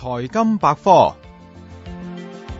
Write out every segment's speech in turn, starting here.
財金百科，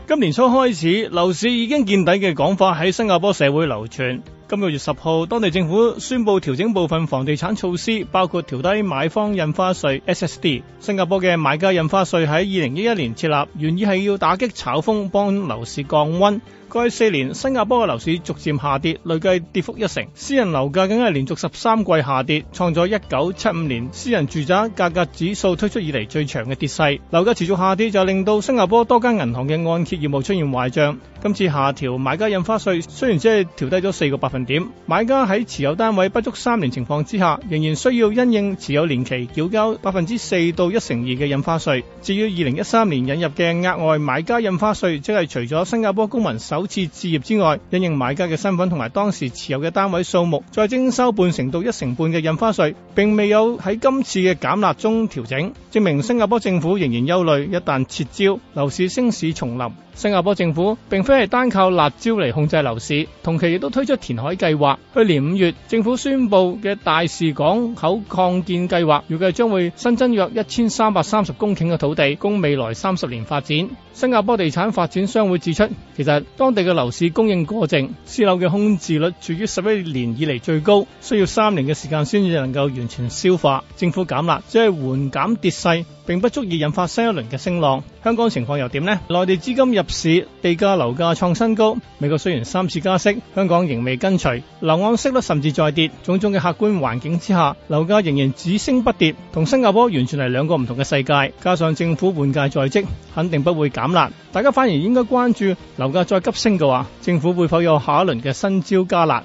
今年初開始，樓市已經見底嘅講法喺新加坡社會流傳。今個月十號，當地政府宣布調整部分房地產措施，包括調低賣方印花稅 （SSD）。新加坡嘅賣家印花稅喺二零一一年設立，原意係要打擊炒風，幫樓市降溫。過去四年，新加坡嘅樓市逐漸下跌，累計跌幅一成。私人樓價更係連續十三季下跌，創咗一九七五年私人住宅價格指數推出以嚟最長嘅跌勢。樓價持續下跌就令到新加坡多間銀行嘅按揭業務出現壞賬。今次下調賣家印花稅，雖然只係調低咗四個百分。點買家喺持有單位不足三年情況之下,仍然需要因應持有年期繳交百分之四到一成二嘅印花稅。至於二零一三年引入嘅額外買家印花稅，即係除咗新加坡公民首次置業之外，因應買家嘅身份同埋當時持有嘅單位數目，再徵收半成到一成半嘅印花稅，並未有喺今次嘅減辣中調整，證明新加坡政府仍然憂慮一旦撤招，樓市升市重臨。新加坡政府並非係單靠辣招嚟，控制樓市，同期亦都推出填海，計劃。去年五月，政府宣布嘅大士港口擴建計劃，預計將會新增約一千三百三十公頃嘅土地，供未來三十年發展。新加坡地產發展商會指出，其實當地嘅樓市供應過剩，私樓嘅空置率處於十一年以嚟最高，需要三年嘅時間先至能夠完全消化。政府減辣，即係緩減跌勢，並不足以引發新一輪嘅升浪。香港情況又點呢？內地資金入市，地價樓價創新高。美國雖然三次加息，香港仍未跟隨，樓按息率甚至再跌。種種嘅客觀環境之下，樓價仍然只升不跌，同新加坡完全係兩個唔同嘅世界。加上政府換屆在即，肯定不會減辣。大家反而應該關注樓價再急升嘅話，政府會否有下一輪嘅新招加辣？